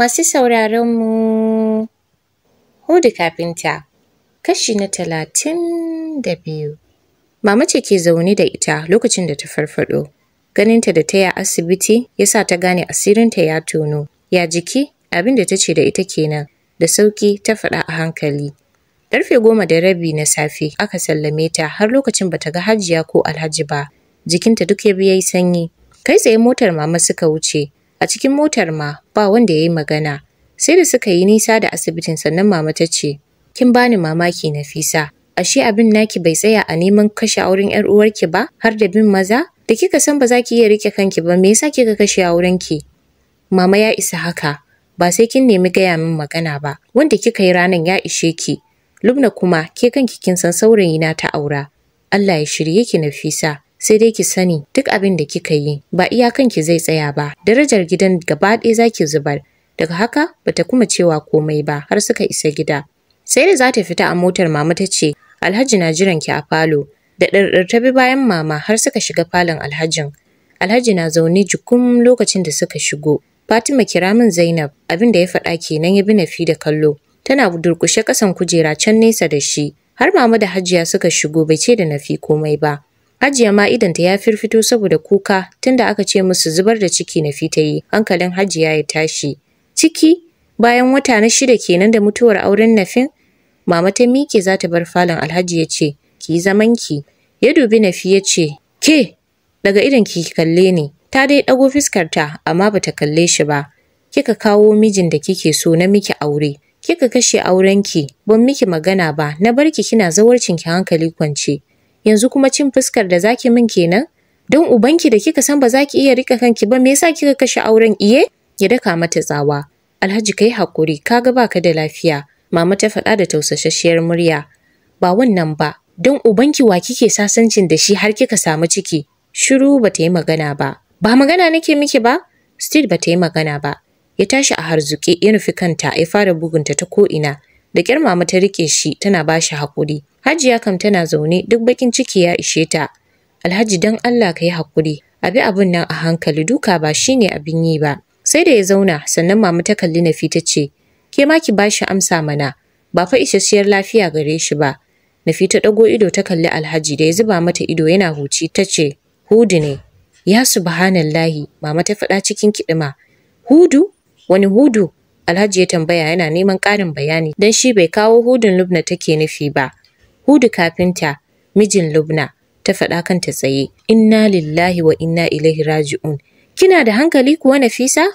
Masu sauraronmu, Hudu Kafinta, kashi na talatin da biyu. Mama ce ke zaune da ita lokacin da ta farfado. Ganinta da ta yi asibiti ya sa ta gane asirinta ya tono. Ya jiki abin da ta ce da ita kenan, da sauƙi ta faɗa a hankali. Ƙarfe goma da rabi na safe aka sallame ta har lokacin bata ga hajiya ko alhaji ba. Jikinta duk ya bi sanyi. Kai tsaye motar mama suka wuce. A cikin motar ma ba wanda ya yi magana. Sai da suka yi nisa da asibitin sannan mama ta ce, Kin bani mamaki Nafisa, ashe abin naki bai tsaya a neman kashe auren 'yar uwarki ba har da bin maza? Da kika san ba za ki iya rike kanki ba, me yasa kika kashe ki Mama ya isa haka, ba sai kin nemi gaya min magana ba, wanda kika yi ranan ya ishe ki. Lubna kuma ke kanki kin san saurayina ta aura. Allah ya shirye ki Nafisa. sai dai ki sani duk abin da kika yi ba iya ki zai tsaya ba darajar gidan gaba ɗaya zaki zubar daga haka bata kuma cewa komai ba har suka isa gida sai da za ta fita a motar mama ta ce alhaji na jiran ki a falo da ɗarɗar ta bi bayan mama har suka shiga falon alhajin alhaji na zaune jukum lokacin da suka shigo fatima kira min zainab abin da ya faɗa kenan ya bi na fi da kallo tana durƙushe ƙasan kujera can nesa da shi har mama da hajiya suka shigo bai ce da nafi komai ba Hajiya ma idanta ya firfito saboda kuka tunda aka ce musu zubar da ciki na fita yi. Hankalin Hajiya ya tashi. Ciki bayan wata na shida kenan da mutuwar auren Nafin, mama ta miƙe za ta bar falon Alhaji ya ce, "Ki zaman ki." Ya dubi Nafi ya ce, "Ke, daga idan ki kalle ni." Ta dai ɗago ta amma bata kalle shi ba. Kika kawo mijin da kike so na miki aure. Kika kashe aurenki, ban miki magana ba, na barki kina zawarcin ki hankali kwance. yanzu kuma cin fuskar da zaki min kenan don ubanki da kika san ba za ki iya rika kanki ba me yasa kika kashe auren iye ya daka mata tsawa alhaji kai hakuri kaga baka da lafiya mama ta faɗa da tausasasshiyar murya ba wannan ba don ubanki wa kike sasancin da shi har kika samu ciki shiru ta yi magana ba ba magana nake miki ba ba ta yi magana ba ya tashi a harzuke ya nufi kanta ya fara bugunta ta ko'ina Da kyar mama ta rike shi tana ba shi haƙuri. Hajiya kam tana zaune duk bakin ciki ya ishe ta. Alhaji dan Allah ka yi haƙuri. Abi abin nan a hankali duka ba shi ne abin yi ba. Sai da ya zauna sannan mama ta kalli Nafi ta ce, "Ke ma ki bashi amsa mana, ba fa isasshiyar lafiya gare shi ba." Nafi ta ɗago ido ta kalli Alhaji da ya zuba mata ido yana huci ta ce, "Hudu ne." Ya subhanallahi, mama ta faɗa cikin kiɗima. "Hudu? Wani hudu?" Alhaji ya tambaya yana neman ƙarin bayani don shi bai kawo hudun Lubna take nufi ba. Hudu kafinta, mijin Lubna, ta faɗa kanta tsaye, Inna lillahi wa inna ilaihi raji'un. Kina da hankali kuwa Nafisa?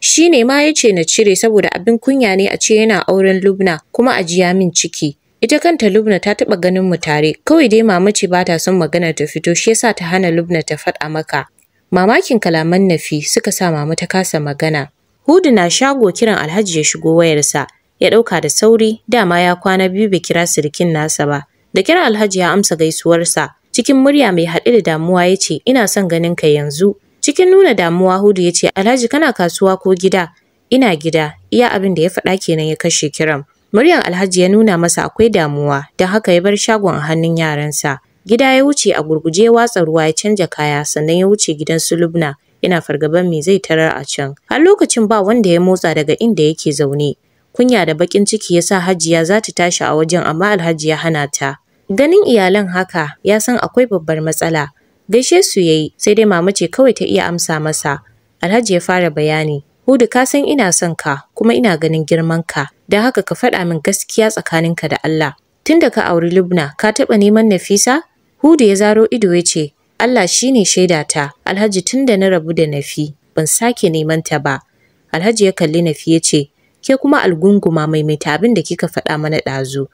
Shi ne ma ya ce na cire saboda abin kunya ne a ce yana auren Lubna kuma a ji min ciki. Ita kanta Lubna ta taɓa ganin mu tare, kawai dai mama ce ba ta son magana ta fito shi yasa ta hana Lubna ta faɗa maka. Mamakin kalaman Nafi suka sa mama ta kasa magana. Hudu na shago kiran Alhaji ya shigo wayarsa. Ya ɗauka da sauri, dama ya kwana biyu bai kira sirikin nasa ba. Da kiran Alhaji ya amsa gaisuwarsa, cikin murya mai haɗe da damuwa ya ce, Ina son ganin ka yanzu. Cikin nuna damuwa Hudu ya ce, Alhaji kana kasuwa ko gida? Ina gida, iya abin da ya faɗa kenan ya kashe kiran. muryan Alhaji ya nuna masa akwai damuwa, don haka ya bar shagon a hannun yaransa. Gida ya wuce a gurguje watsa ruwa ya canja kaya sannan ya wuce gidan su Lubna Ina fargaban me zai tarar a can. Har lokacin ba wanda ya motsa daga inda yake zaune. Kunya da bakin ciki ya sa Hajiya za ta tashi a wajen amma Alhaji ya hana ta. Ganin iyalan haka ya san akwai babbar matsala. Gaishe su yayi sai dai mama ce kawai ta iya amsa masa. Alhaji ya fara bayani. Hudu ka san ina son ka kuma ina ganin girman ka. Da haka ka faɗa min gaskiya tsakaninka da Allah. Tunda ka auri Lubna ka taɓa neman Nafisa? Hudu ya zaro ido ya ce Allah shi shine shaidata, Alhaji tun da na rabu da Nafi, ban sake neman ta ba. Alhaji ya kalli Nafi ya ce, ke kuma algunguma maimaita abin da kika faɗa mana ɗazu.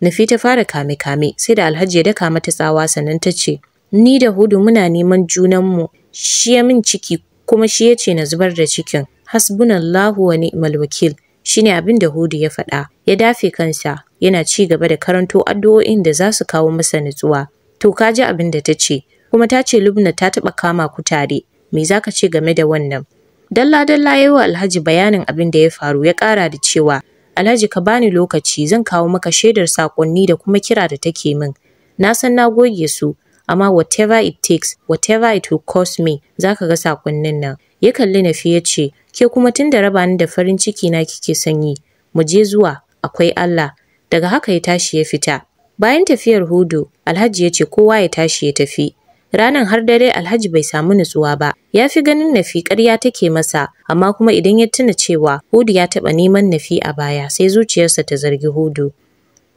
Nafi ta fara kame-kame sai da Alhaji ya daka mata tsawa sannan ta ce, Ni da Hudu muna neman junanmu, shi ya min ciki kuma shi ya ce na zubar da cikin. Hasbunallahu wa ni'mal wakil Shi ne abin da Hudu ya faɗa. Ya dafe kansa yana ci gaba da karanto addu'o'in da za su kawo masa nutsuwa. To ka ji abin da ta ce, kuma ta ce Lubna ta taɓa kama ku tare. Me za ka ce game da wannan? Dalla dalla ya yi wa Alhaji bayanin abin da ya faru ya ƙara da cewa Alhaji ka bani lokaci zan kawo maka shaidar saƙonni da kuma kira da take min. Na san na goge su amma whatever it takes, whatever it will cost me, za ka ga saƙonnin nan. Ya kalli na fi ce, ke kuma tun da raba ni da farin ciki na kike sanyi, mu je zuwa akwai Allah. Daga haka ya tashi ya fita. Bayan tafiyar Hudu, Alhaji ya ce kowa ya tashi ya tafi. Ranan har dare Alhaji bai samu nutsuwa ba. Ya fi ganin Nafi ƙarya take masa, amma kuma idan ya tuna cewa Hudu ya taɓa neman Nafi a baya sai zuciyarsa ta zargi Hudu.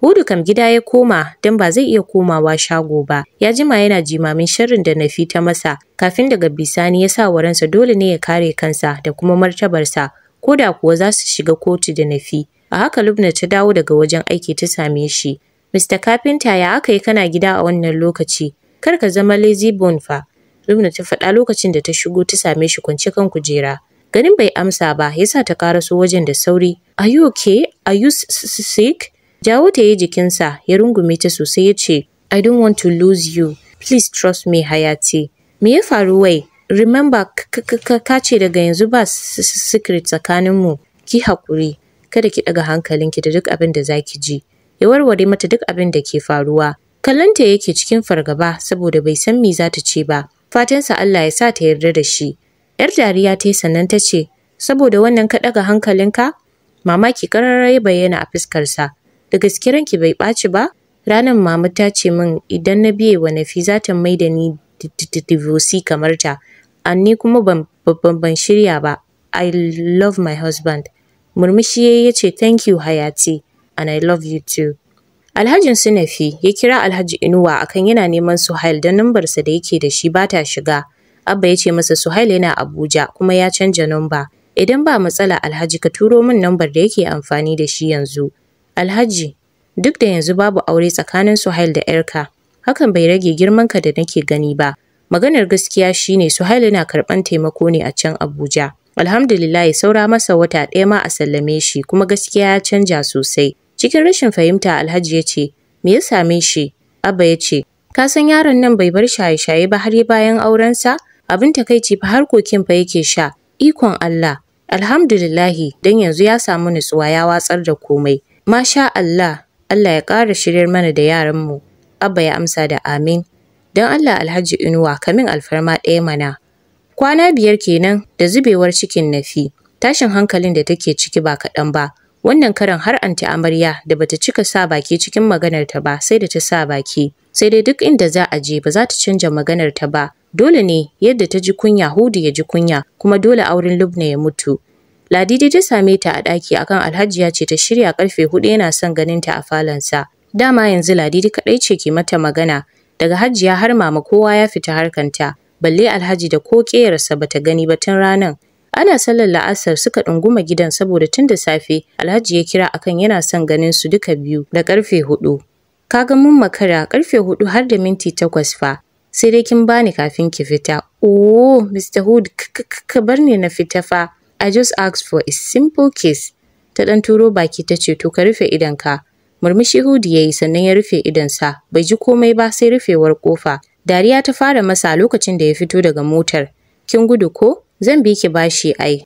Hudu kam gida ya koma don ba zai iya komawa shago ba. Ya jima yana jimamin sharrin da Nafi ta masa kafin daga bisani ya sa waransa dole ne ya kare kansa da kuma martabarsa ko da kuwa za su shiga kotu da Nafi. A haka Lubna ta dawo daga wajen aiki ta same shi. Mr. Kafinta ya aka yi kana gida a wannan lokaci? Kar ka zama lazy bone fa. Rubna ta faɗa lokacin da ta shigo ta same shi kwance kan kujera. Ganin bai amsa ba, yasa ta karaso wajen da sauri. Are you okay? Are you sick? Jawo ta yi jikinsa, ya rungume ta sosai ya ce, I don't want to lose you. Please trust me, Hayati. Me ya faru wai? Remember, ka ce daga yanzu ba secret tsakaninmu. Ki haƙuri, kada ki ɗaga hankalinki da duk abin da za ki ji. Ya warware mata duk abin da ke faruwa. Kallonta yake cikin fargaba saboda bai san me za ta ce ba. Fatan Fatansa Allah ya sa ta yarda da shi. ‘Yar dariya ta yi sannan ta ce, saboda wannan ka hankalin hankalinka? Mamaki ƙararra ya bayyana a fuskarsa. Da gaskiyar ki bai baci ba? Ranar mama ta ce min idan na biye wa nafi za ta mai da ni divorce kamar ta. Anni kuma ban ban shirya ba. I love my husband. Murmushi ya ce thank you Hayati and I love you too. Alhajin Sinafi, ya kira Alhaji Inuwa akan yana neman Suhail don numbarsa da yake da shi bata shiga. Abba ya ce masa Suhail yana Abuja kuma ya canja numba. Idan ba matsala Alhaji ka turo min numbar da yake amfani da shi yanzu. Alhaji, duk da yanzu babu aure tsakanin Suhail da ‘yarka, hakan bai rage girman ka da nake gani ba. Maganar gaskiya shine Suhail yana karɓan taimako ne a can Abuja. Alhamdulillah saura masa wata ɗaya ma a sallame shi kuma gaskiya ya canja sosai. Cikin rashin fahimta Alhaji ya ce, Me ya same shi? Abba ya ce, Ka san yaron nan bai bar shaye-shaye ba har bayan aurensa? Abin takaici fa har kokin fa yake sha. Ikon Allah. Alhamdulillahi don yanzu ya samu nutsuwa ya watsar da komai. Masha Allah, Allah ya ƙara shirin mana da yaran mu Abba ya amsa da amin. Don Allah Alhaji Inuwa kamin alfarma ɗaya mana. Kwana biyar kenan da zubewar cikin nafi. Tashin hankalin da take ciki ba kaɗan ba. Wannan karan har anti amarya da bata cika sa baki cikin maganar ta ba sai da ta sa baki. Sai dai duk inda za a je ba za ta canja maganar ta ba. Dole ne yadda ta ji kunya Hudu ya ji kunya kuma dole auren Lubna ya mutu. Ladidi ta same ta a ɗaki akan Alhaji ya ce ta shirya karfe hudu yana son ganin ta a sa Dama yanzu Ladidi kaɗai ce ke mata magana. Daga Hajiya har mama kowa ya fita harkanta. Balle Alhaji da ko ƙerarsa bata gani ba tun ranan. Ana sallar la'asar suka ɗunguma gidan saboda tun da safe Alhaji ya kira akan yana son ganin su duka biyu da karfe hudu. Ka Kaga mun makara karfe hudu har da minti takwas fa. Sai dai kin bani kafin ki fita. Oh, Mr. Hood, ka bar ni na fita fa. I just asked for a simple kiss. Ta ɗan turo baki ta ce to ka rufe ka. Murmushi Hood ya yi sannan ya rufe sa. bai ji komai ba sai rufewar kofa. Dariya ta fara masa lokacin da ya fito daga motar. Kin gudu ko? Zan bi ki bashi ai.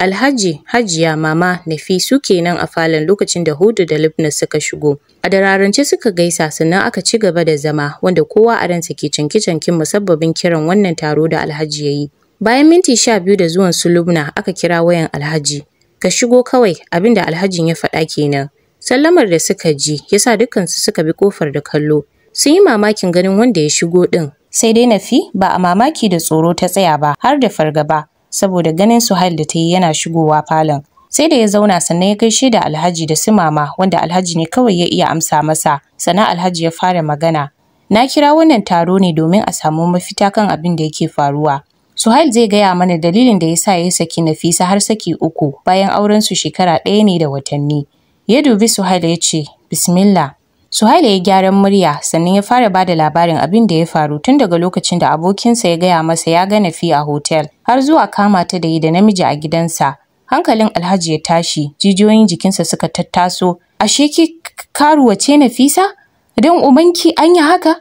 Alhaji, Hajiya, Mama, Nafisu kenan a falon lokacin da Hudu da Lubna suka shigo. A dararance suka gaisa sannan aka ci gaba da zama wanda kowa a ransa ke canke-canken musabbabin kiran wannan taro da Alhaji ya yi. Bayan minti sha biyu da zuwan su Lubna aka kira wayan Alhaji. Ka shigo kawai abinda Alhajin ya faɗa kenan. Sallamar da suka ji yasa dukkansu suka bi kofar da kallo. Sun yi mamakin ganin wanda ya shigo ɗin. Sai dai Nafi ba a mamaki da tsoro ta tsaya ba har da fargaba. saboda ganin Suhail da ta yi yana shigowa falon. Sai da ya zauna sannan ya gaishe da Alhaji da su mama wanda Alhaji ne kawai ya iya amsa masa, sannan Alhaji ya fara magana. Na kira wannan taro ne domin a samu mafita kan abin da yake faruwa. Suhail zai gaya mana dalilin da ya sa ya saki Nafisa har saki uku bayan aurensu shekara ɗaya ne da watanni. Ya dubi Suhail ya ce, Bismillah, Suhaila ya gyaran murya sannan ya fara ba da labarin abin da ya faru tun daga lokacin da abokinsa ya gaya masa ya ga Nafi a hotel har zuwa kama ta da yi da namiji a gidansa. Hankalin Alhaji ya tashi, jijiyoyin jikinsa suka tattaso. Ashe ki karuwa ce Nafisa? Dan ubanki an yi haka?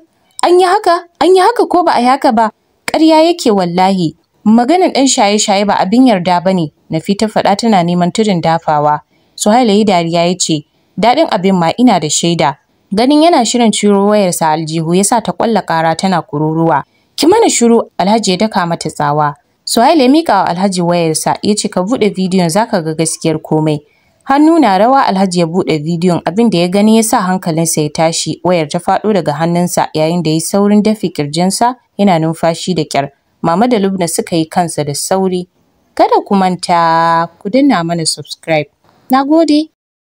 An yi haka? An yi haka ko ba a yi haka ba? Ƙarya yake wallahi. Maganan ɗan shaye-shaye ba abin yarda ba ne, Nafi ta faɗa tana neman tudun dafawa. Suhaila ya dariya ya ce, Daɗin abin ma ina da shaida, Ganin yana shirin ciro wayarsa aljihu yasa ta kwalla kara tana kururuwa. Ki mana shiru Alhaji ya daka mata tsawa. Suhail ya mika wa Alhaji wayarsa ya ce ka buɗe bidiyon zaka ga gaskiyar komai. Hannu na rawa Alhaji ya buɗe bidiyon abin da ya gani ya sa hankalinsa ya tashi wayar ta faɗo daga hannunsa yayin da ya saurin dafi kirjinsa yana numfashi da ƙyar. Mama da Lubna suka yi kansa da sauri. Kada ku manta ku danna mana subscribe. nagode